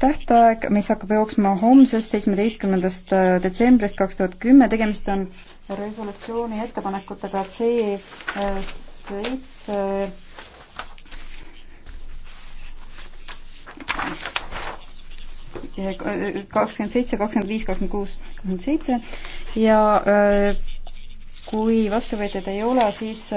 tähtaeg, mis hakkab jooksma homsest, seitsmeteistkümnendast äh, detsembrist kaks tuhat kümme, tegemist on resolutsiooni ettepanekutega C äh, seitse äh, kakskümmend seitse, kakskümmend viis, kakskümmend kuus, kakskümmend seitse ja kui vastuvõtjaid ei ole, siis